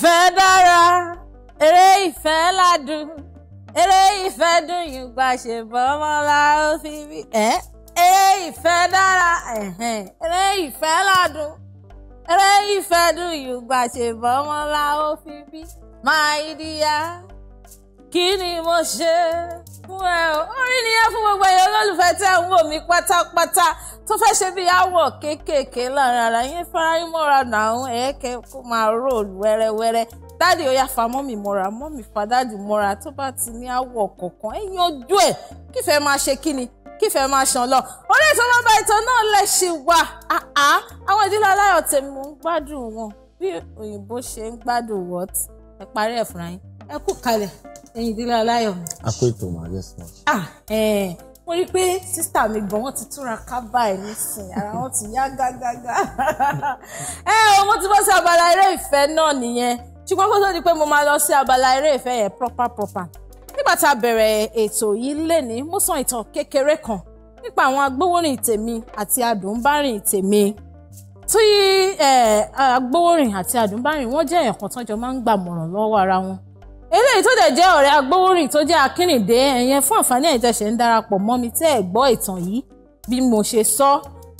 ìfẹ́ dára eré ìfẹ́ ládùn eré ìfẹ́ dùn yìí gbà ṣe bọ́mọ́lá ó fi bí ẹ́ eré ìfẹ́ dára eré ìfẹ́ ládùn eré ìfẹ́ dùn yìí gbà ṣe bọ́mọ́lá ó fi bí máa ìdíyà kí ni mo ṣe fún ẹ o orin nìyẹn fún gbogbo ẹ̀yọ́ olólùfẹ́ tẹ́ ń wò mí pátápátá tó fẹ́ ṣe bí àwọ̀ kéékèèké láàrin ara yín fáráyín mọ́ra nàún ẹ̀ẹ́kẹ́ kó máa róòlù wẹ́rẹ́wẹ́rẹ́ dáàdì ó yá fa mọ́mì mọ́ra mọ́mì fàdáàdì mọ́ra tó bá ti ní àwọ̀ kọ̀ọ̀kan ẹ̀yìn ojú ẹ̀ kífẹ́ máa ṣe kíni kífẹ́ máa ṣàn lọ orí ètò nọ́mbà ètò náà lẹ̀ ṣì wà àwọn ìdílé aláyọ̀ tèmi mò ń gbádùn wọn bí òyìnbó ṣe ń gbádùn wọ́t ẹ parí ẹ̀ fúnra yín ẹ kú kalẹ̀ ẹ̀yin ìdílé aláyọ̀. àpò ètò màá yẹ sọ mo rí i pé sísítà mi gbọ̀n wọ́n ti túra ká báyìí nísìn ara wọn ti yá gágágá ẹ o mo ti bọ́ sí abala eré ìfẹ́ náà nìyẹn ṣùgbọ́n kó tó di pé mo máa lọ sí abala eré ìfẹ́ yẹn proper proper nígbà tá a bẹ̀rẹ̀ ètò yìí lénìí mo sọ ìtàn kékeré kan nípa àwọn agbówórin tèmi àti adùnbárìn tèmi tí agbówórin àti adùnbárìn wọ́n jẹ́ ẹ̀kan tọ́jọ́ máa ń gbàmọ̀ràn lọ́wọ́ ara wọn eléyìí tó dẹ̀ jẹ́ ọ̀rẹ́ agbowórin tó jẹ́ akínrìndé ẹ̀yẹn fún àǹfààní ẹ̀yin tẹ́ ṣe ń darapọ̀ mọ́ mi tẹ́ ẹ̀ gbọ́ ìtàn yìí bí mo ṣe sọ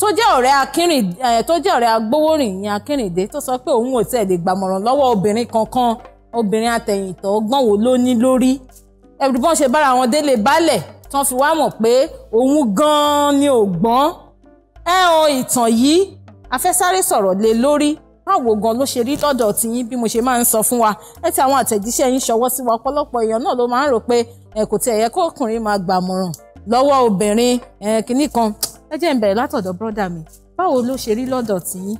tó jẹ́ ọ̀rẹ́ akínrìndé tó jẹ́ ọ̀rẹ́ agbowórin ìyẹn akínrìndé tó sọ pé òun ò tẹ̀ lè gbàmọ̀ràn lọ́wọ́ obìnrin kankan obìnrin atẹ̀yìntọ̀ ọgbọ́n wo ló ní lórí ẹ̀rù bọ́n ṣe bára wọn délé balẹ̀ tán fi báwo gan ló ṣe rí lọ́dọ̀ tìyín bí mo ṣe máa ń sọ fún wa ẹ ti àwọn àtẹ̀jíṣẹ́ yín ṣọwọ́ sí wa ọ̀pọ̀lọpọ̀ èèyàn náà ló máa ń rò pé kò tiẹ̀ yẹ kókùnrin máa gbàmọ̀ràn lọ́wọ́ obìnrin kìíní kan ẹ jẹ́ ń bẹ̀rẹ̀ látọ̀dọ̀ brọ́dà mi báwo ló ṣe rí lọ́dọ̀ tìyín.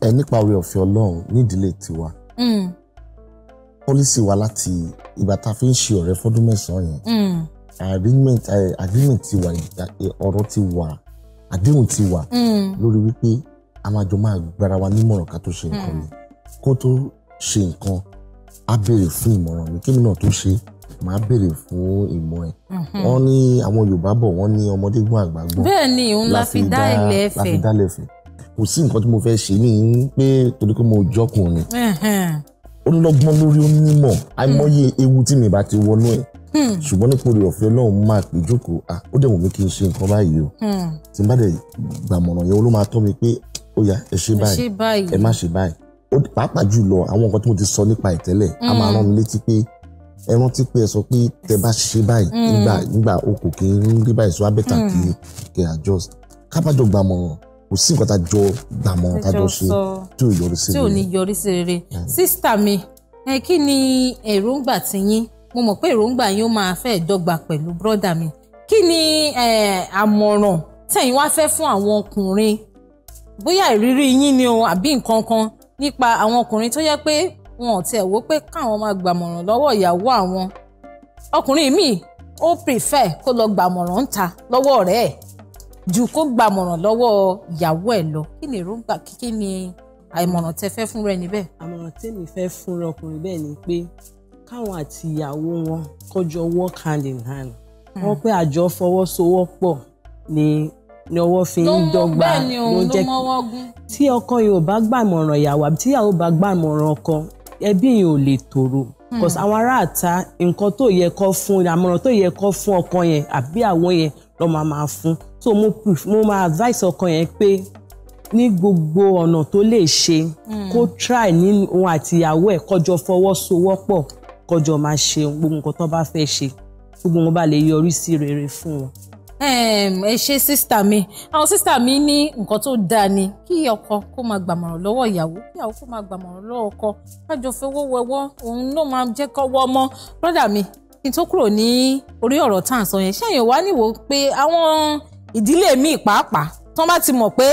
ẹ nípa oore ọ̀fẹ́ ọlọ́run nídìílé tiwa hmm. pọ́lísì wa láti ìgbà tá a fi ń ṣe ọ̀rẹ́ fọ́dún mẹ́sàn-án yẹn hmm. agreement eh, agreement ti wà ọ̀rọ̀ ti wà àdéhùn ti wà hmm. lórí wípé a máa jọ máa gbára wa nímọ̀ràn ká tó ṣe nǹkan mi hmm. kó tó ṣe nǹkan á béèrè fún ìmọ̀ràn mi kí mi náà tó ṣe màá béèrè fún ìmọ̀ ẹ̀ hmm. wọ́n ní àwọn Yorùbá bọ̀ wọ́n ní ọmọdé gbọ́n àgbà gbọ́n bẹ́ẹ̀ ni òun la fi dá ilẹ̀ ẹ̀fẹ̀ kò sí nǹkan tí mo fẹ́ ṣe ní pé torí pé mo jọkùnrin ó lọ́gbọ́n lórí ó nímọ̀ àìmọye hmm. ewu tí mi bá ti wọnú ẹ̀ ṣùgbọ́n nípa orí ọ̀fẹ́ ọlọ́run máa pè jókòó ó dẹ̀ wù mí kí n ṣe nǹkan báyìí o tí n bá dẹ̀ gbàmọ̀ràn yẹn ó ló máa tọ́ mi pé ó yá ẹ ṣe báyìí ẹ má ṣe báyìí pàápàá jùlọ àwọn nǹkan tí mo ti sọ nípa ìtẹ́lẹ̀ a máa mm. rán mi létí pé ẹ rántí pé ẹ sọ pé tẹ bá ṣe báyìí mm. nígbà nígbà okò kì í rí báyìí sọ abẹ́ta mm. kì í kì í adjust kábàjọ gbàmọ̀ràn kò sí nǹkan tá a jọ gbàmọ̀ràn tá a jọ ṣe tí ò yọrí sí rere tí ò ní yọrí sí rere sísítà mi ẹ kí ni èròǹgbà tiyín mo mọ̀ pé èròǹgbà yín ó máa fẹ́ dọ́gba pẹ̀lú brọ́dà mi kí ni àmọ̀ràn tẹ̀yin wá fẹ́ fún àwọn ọkùnrin bóyá ìrírí yín ni o àbí nǹkan kan nípa àwọn ọkùnrin tó yẹ pé wọn ò tiẹ̀ wó pé káwọn máa gbàmọ̀ràn lọ́wọ́ ìyàwó àwọn ọkùnrin míì ó prefer kó lọ gbàmọ̀ràn ń ta lọ́wọ́ ọ̀rẹ́ ẹ̀ ju kó gbàmọ̀ràn lọ́wọ́ ìyàwó ẹ̀ lọ kí ni èròǹgbà kí ni àìmọ̀ràn tẹ fẹ́ fún rẹ níbẹ̀. àmọ̀ràn tèmi fẹ́ fún ọkùnrin bẹ́ẹ̀ ni pé káwọn àti ìyàwó wọn kọjọ work hand in hand hmm. wọn pé àjọ fọwọ́sowọ́pọ̀ ni ni ọwọ́ fi ń dọ́gba ló jẹ́ tí ọkọ yìí ò bá gbàmọ̀ràn ìyàwó àbí tí ìyàwó bá gbàmọ̀ràn ọkọ ẹbí yìí ò lè tòrò hmm. because àwọn aráàta nǹkan tó yẹ kó fún àmọ̀ràn tó yẹ kó fún ọkọ yẹn àbí àwọn yẹn ló máa máa fún so mo mo máa advice ọkọ yẹn pé ní gbogbo ọ̀nà tó lè ṣe hmm. kó try ní òun àti ìyàwó ẹ̀ kọjọ fọwọ́sowọ́pọ̀ kọjọ máa ṣe gbogbo nǹkan tó bá fẹ́ ṣe gbogbo wọn bá lè yọrí sí rere fún wọn ẹ ṣe sísítà mi àwọn sísítà mi ní nǹkan tó dáa ni kí ọkọ kó máa gbàmọ̀ràn lọ́wọ́ ìyàwó kí ìyàwó kó máa gbàmọ̀ràn lọ́wọ́ ọkọ kájọ fowó wẹwọ́ òun ló máa jẹ́ kọ́wọ́ ọmọ brọ́dà mi kí n tó kúrò ní orí ọ̀rọ̀ tá à ń sọ yẹn ṣẹ́yìn wá níwò pé àwọn ìdílé míì pàápàá tán bá ti mọ̀ pé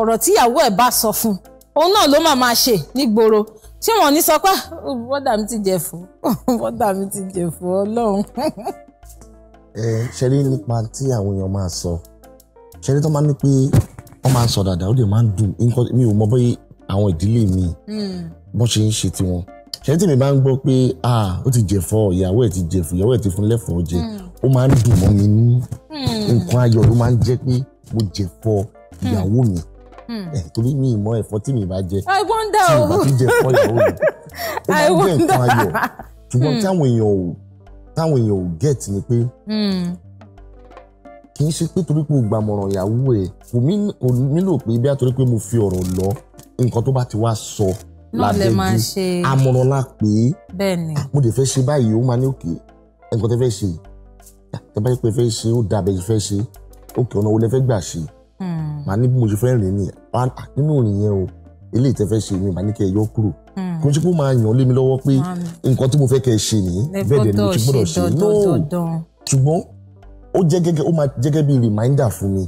ọ̀rọ̀ tíyàwó ẹ̀ bá sọ fún òun náà ló máa máa ṣe nígboro tí wọn ní sọ pé ah, bọ́dà mi ti jẹ fún bọ́dà mi ti jẹ fún ọlọ́run ẹ ṣeré nípa tí àwọn èèyàn máa sọ ṣeré tó máa ní pé wọ́n máa ń sọ dáadáa ó dẹ̀ máa ń dùn nǹkan mi ò mọ bóyá àwọn ìdílé mi hmm. bó ṣe ń ṣe tiwọn ṣeré tèmi bá ń gbọ́ pé ah ó ti jẹ̀fọ́ ìyàwó ẹ̀ ti jẹ̀fọ́ ìyàwó ẹ̀ ti fún lẹ́fọ̀ọ́ jẹ hmm. ó máa ń dùn mọ́ mi ní hmm. nǹkan ayọ̀ ló máa ń jẹ́ pé mo jẹ̀fọ́ ìyàwó mi torí mi ì mọ ẹ̀fọ́ tí mi bá jẹ tí mi bá fi jẹ̀fọ́ ìyàwó mi ó máa ń jẹ́ nǹkan ayọ̀ ṣùgbọ́n tí àwọn èèyàn táwọn èèyàn ò get ni pé hmm. kì í ṣe pé torí pé o gba àmọ̀ràn ìyàwó ẹ̀ kò nílò pé bí a torí pé mo fi ọ̀rọ̀ lọ nǹkan tó bá ti wá sọ làbẹ́jú àmọ̀ràn la pé ah, mo dẹ̀ fẹ́ ṣe báyìí ó máa ní òkè nǹkan tẹ́ fẹ́ ṣe ah, tẹ́ bá yẹ pé fẹ́ ṣe ó dàbẹ̀ yìí fẹ́ ṣe òkè ọ̀nà wo lẹ fẹ́ gbà ṣe hmm. màá ní bí mo ṣe fẹ́ rìn ní ah, nínú òrìn o eléyìí tẹ́ fẹ́ ṣe mi màá ní kẹ́ ẹ yọ kúrò hmm. kò ṣe kó máa yàn lé mi lọ́wọ́ pé nǹkan tí mo fẹ́ kẹ́ ẹ ṣe nìyí bẹ́ẹ̀ dẹ̀ ni mo ti gbọ́dọ̀ ṣe no ṣùgbọ́n ó jẹ́ gẹ́gẹ́ ó máa jẹ́ gẹ́gẹ́ bí reminder fún mi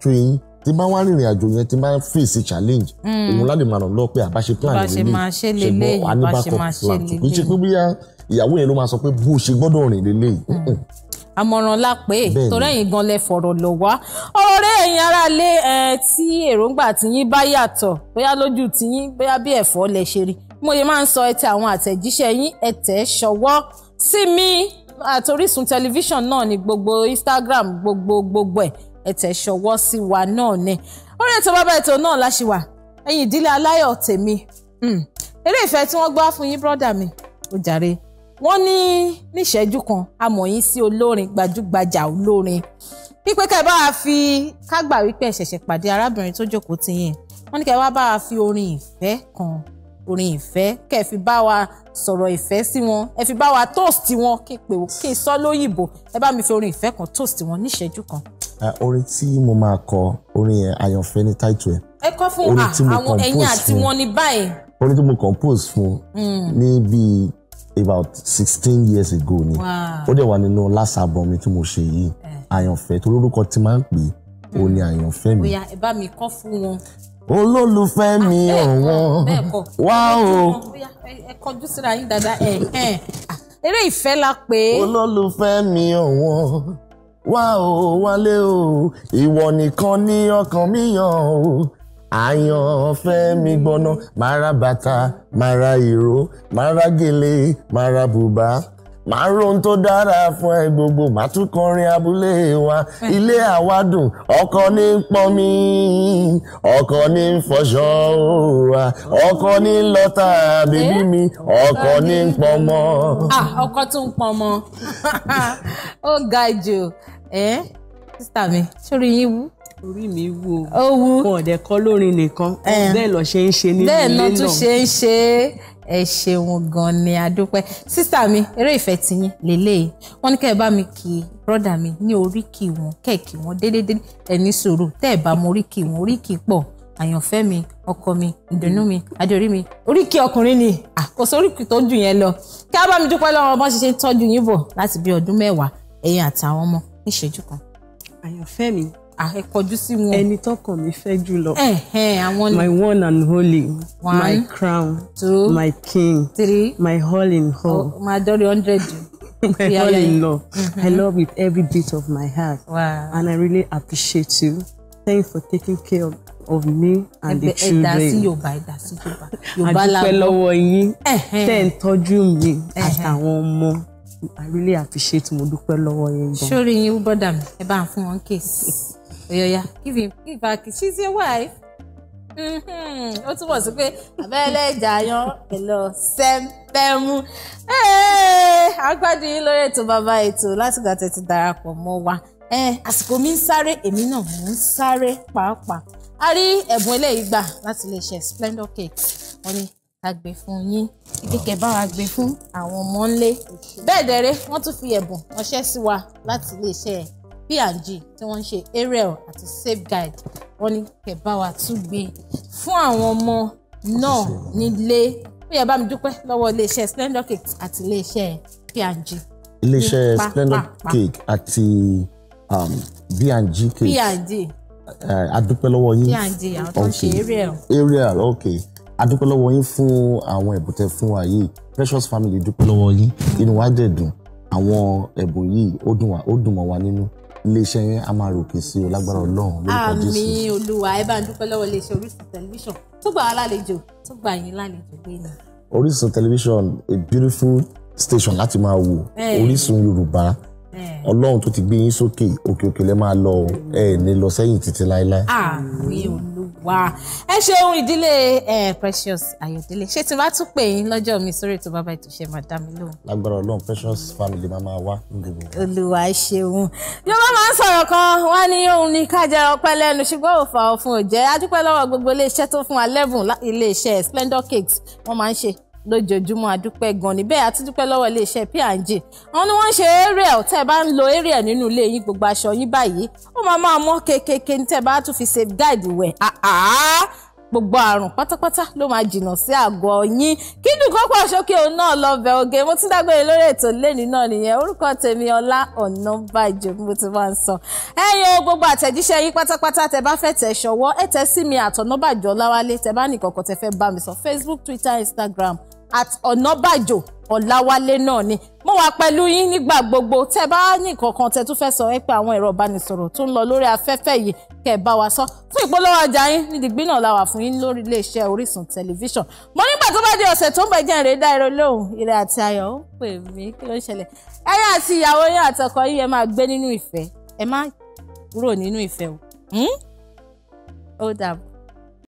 tó hmm. yẹn tí bá wá rìnrìn àjò yẹn tí bá fèsì challenge hmm. òun láti máa ràn lọ pé àbáṣe plan lélẹ̀ ṣùgbọ́n àníbàkọ̀ plan kì í ṣe pé bóyá ìyàwó yẹn ló máa sọ pé bó ṣe gbọ́dọ̀ rìn lélẹ̀ yìí àmọ̀ràn la pé torí ẹ̀yin gan lẹ fọ̀rọ̀ lọ wá ọ̀rọ̀ rẹ ẹ̀yin ara lé ẹ tí èròǹgbà tiyín bá yàtọ̀ bóyá lójú tiyín bóyá bí ẹ̀fọ́ lẹ ṣe rí mo yẹ máa ń sọ ẹ tẹ àwọn àtẹ̀jíṣẹ́ yín ẹ tẹ̀ ṣọwọ́ sí mi àti Orísun tẹlifíṣàn náà ní gbogbo Instagram gbogbo gbogbo ẹ ẹ tẹ̀ ṣọwọ́ sí wa náà ni orí ètò bàbá ètò náà láṣìwà ẹ̀yin ìdílé aláyọ̀ tèmi hmm. eré ìfẹ́ tí wọ́n gbá fún yín brother, mi ó jàre wọ́n ní níṣẹ́jú kan amọ̀ yín sí olórin gbajúgbajà olórin pípẹ́ ká ẹ bá wa fi kágbà wípé ẹ ṣẹ̀ṣẹ̀ pàdé arábìnrin tó jókòó ti yẹn wọ́n ní ká bá wa fi orin ìfẹ́ kan orin ìfẹ́ kẹ́ ẹ fi bá wa sọ̀rọ̀ ìfẹ́ sí wọn ẹ fi bá wa toast wọn kí n pè wọ́n kí n sọ lóyìnbó ẹ bá mi fi orin ìfẹ́ kan toast wọn níṣẹ́jú kan. orin tí mo máa kọ orin yẹn àyànfẹ́ ní táìtù ẹ̀. ẹ kọ́ fún àwọn ẹ̀yin àti wọn ní báyìí. orin tí mo compose fún hmm. ní bíi about sixteen years ago ni ó dẹ̀ wà nínú last album mi tí mo ṣe yìí eh. àyànfẹ́ tó lórúkọ tí máa ń pè é ó ní àyànfẹ́ mi. bóyá ẹ bá mi kọ́ fún wọn. olólùfẹ́ ah, mi ọ̀wọ́n wá o. ẹ kọjú síra yín dáadáa ẹ ẹ ah, eré ìfẹ́ la pè é. olólùfẹ́ mi ọ̀wọ́n wá o wálé o ìwọ nìkan ni ọkàn mi yàn o àyàn ọ̀fẹ́ mi gbọ́ná máa ra bàtà máa ra ìró máa ra gèlè máa ra bùbá màá rohun tó dára fún ẹ gbogbo màá tún kọrin abúlé wa ilé àwádùn ọkọ ní ń pọnmi ọkọ ní ń fọṣọ wa ọkọ ní ń lọta bèbí mi ọkọ ní ń pọmọ. ọkọ tún ń pọmọ ó ga jù ẹ sísá mi sórí yín wú orí mi wú o wú wọn ọ̀dẹ̀ kọ́ lórin nìkan bẹ́ẹ̀ lọ ṣe ń ṣe nínú ilé náà bẹ́ẹ̀ náà tún ṣe ń ṣe ẹ ṣeun gan ni adúpẹ́ sísá mi eré ìfẹ́ tiyín lélẹ́yìí wọ́n ní kẹ́ ẹ bá mi kí brọ́dà mi ní oríkì wọn kẹ́ẹ̀kì wọn déédéé ẹni sùúrù tẹ́ ẹ bá mo oríkì wọn oríkì pọ̀ àyànfẹ́ mi ọkọ mi ìdùnnú mi adéorí mi oríkì ọkùnrin ni àkóso oríkì tó jù yẹn lọ kí a bá mi dúpẹ́ lọ́wọ́ bọ́n ṣe ṣe ń tọ́jú yín bọ̀ láti bí ọdún mẹ́wàá ẹ̀yin àtàwọn ọmọ níṣẹ́jú kan. àyànfẹ́ mi ẹ sí wọn. ẹni tọkàn mi fẹ́ jùlọ. ẹ my one and holy. one my crown. two my king. three my all in all. Oh, my dọ́rí hundred. my all in law. Mm-hmm. I love with every bit of my heart. Wow. And I really appreciate you. Thanks for taking care of of me and the children. ẹ̀dá sí yorùbá ẹ̀dá sí yorùbá. yorùbá la dúpẹ́ lọ́wọ́ yín tẹ́ ń tọ́jú mi àtàwọn ọmọ I really appreciate mo dúpẹ́ lọ́wọ́ yín gan. sórí yín bọ́dà mi ẹ bá ń fún wọn kéésì. oya oya give him give back she's your wife mm-hmm. ó túmọ̀ sí pé abẹ́lẹ́ ìjàyàn ẹ̀lọ́ sẹ́ńpẹ́mú agbádùn yín lórí ètò bàbá ètò látìgbà tẹ́ ti darapọ̀ mọ́ wa eh, àsìkò mi ń sáré èmi náà mò ń sáré pàápàá a rí ẹ̀bùn eléyìí gbà láti iléeṣẹ́ splendor cakes wọ́n ní ká gbé fún yín kíkẹ́ bá wa gbé fún àwọn ọmọ ńlé bẹ́ẹ̀ dẹ̀rẹ́ wọ́n tún fi ẹ̀bùn ránṣẹ́ sí wa láti iléeṣẹ́ P&G tí wọ́n ń ṣe Ariel àti Safeguide wọ́n ní kẹ́ bá wa tún gbé fún àwọn ọmọ náà nílé ó yẹ bá mi dúpẹ́ lọ́wọ́ iléeṣẹ́ Splendor Cakes àti iléeṣẹ́ P&G. iléeṣẹ́ Splendor Cake àti um, P&G Cake. P&G. Uh, adúpẹ́ lọ́wọ́ yín. P&G àwọn tó ń ṣe Ariel. Ariel ok adúpẹ́ lọ́wọ́ yín fún àwọn ẹ̀bùn tẹ́ fún wa yìí Precious Family dúpẹ́ lọ́wọ́ yín inú wa dẹ̀ dùn àwọn ẹ̀bùn yìí ó dùn mọ́ wa nínú iléeṣẹ́ yẹn a máa ròkè sí o lágbára ọlọ́run lórúkọ jésù. àmín olúwa ẹ bá ń dúpẹ́ lọ́wọ́ iléeṣẹ́ orísun tẹlifíṣọ̀n tó gbà wá lálejò tó gbà yín lálejò gbé ni. orísun tẹlifíṣọ̀n a beautiful station láti máa wò orísun yorùbá ọlọ́run tó ti gbé yín sókè òkè òkè lẹ́ máa lọ ẹ̀ ní lọ sẹ́yìn títí láéláé. àmín olúwa wá ẹ ṣeun ìdílé precious ayọ̀délé ṣé tí n bá tún pè yín lọ́jọ́ mi sórí ètò bàbá ètò ṣe máa dá mi lóhùn. lágbára Ọlọ́run precious family máa máa wá ní gbogbo. olùwà ṣeun yorùbá máa ń sọ̀rọ̀ kan wá ní òun ní kájà ọpẹ́ lẹ́nu ṣùgbọ́n òfà ọ̀fun ò jẹ́ adúpẹ́ lọ́wọ́ gbogbo iléeṣẹ́ tó fún wa lẹ́bùn iléeṣẹ́ splendor cakes wọ́n máa ń ṣe lójoojúmọ́ adúpẹ́ gan níbẹ̀ àtúndúpẹ́ lọ́wọ́ iléeṣẹ́ P&G àwọn ni wọ́n ń ṣe ariel tẹ́ ẹ bá ń lo ariel nínú ilé yín gbogbo aṣọ yín báyìí ó máa máa mọ́ kékeré tẹ́ ẹ bá tún fi safeguard wẹ̀ ah, ah gbogbo àrùn pátápátá ló máa jìnnà sí àgọ́ yín kíndùn kọ́pọ̀ sókè òun náà lọ bẹ̀ oge mo ti dágbére lórí ètò lẹ́ni náà nìyẹn orúkọ tèmi Ọlá Ọ̀nàbàjọ mo ti máa ń sọ. ẹyẹ o gbogbo àtẹ̀jíṣẹ́ yín pátápátá tẹ bá fẹ́ tẹ ṣọwọ́ ẹ tẹ sí mi àtọ̀nàbàjọ Ọláwálé tẹ bá nìkọ̀kọ̀ tẹ fẹ́ bá mi sọ Facebook Twitter Instagram at ọ̀nàbàjò ọ̀làwálé náà ni mo wà pẹ̀lú yín nígbà gbogbo tẹ́ bá ní kankan tẹ́ tún fẹ́ sọ ẹ pé àwọn ẹ̀rọ ìbánisọ̀rọ̀ tó ń lọ lórí afẹ́fẹ́ yìí kẹ́ ẹ bá wa sọ fún ìpolówó ọjà yín ní dìgbì náà la wà fún yín lórí iléeṣẹ́ Orísun tẹlifíṣàn mo nígbà tó bá di ọ̀sẹ̀ tó ń bẹ̀ jẹ́ ìrẹ́dá ẹ̀rọ lóhùn ìrẹ́ àti ayọ̀ ó pè mí kí ló ń ṣẹlẹ̀ ẹ̀yin àti ìyàwó yín àtọkọ yín ẹ máa gbé nínú ìfẹ́ ẹ má kúrò nínú ìfẹ́ o Hmm. dàbọ̀.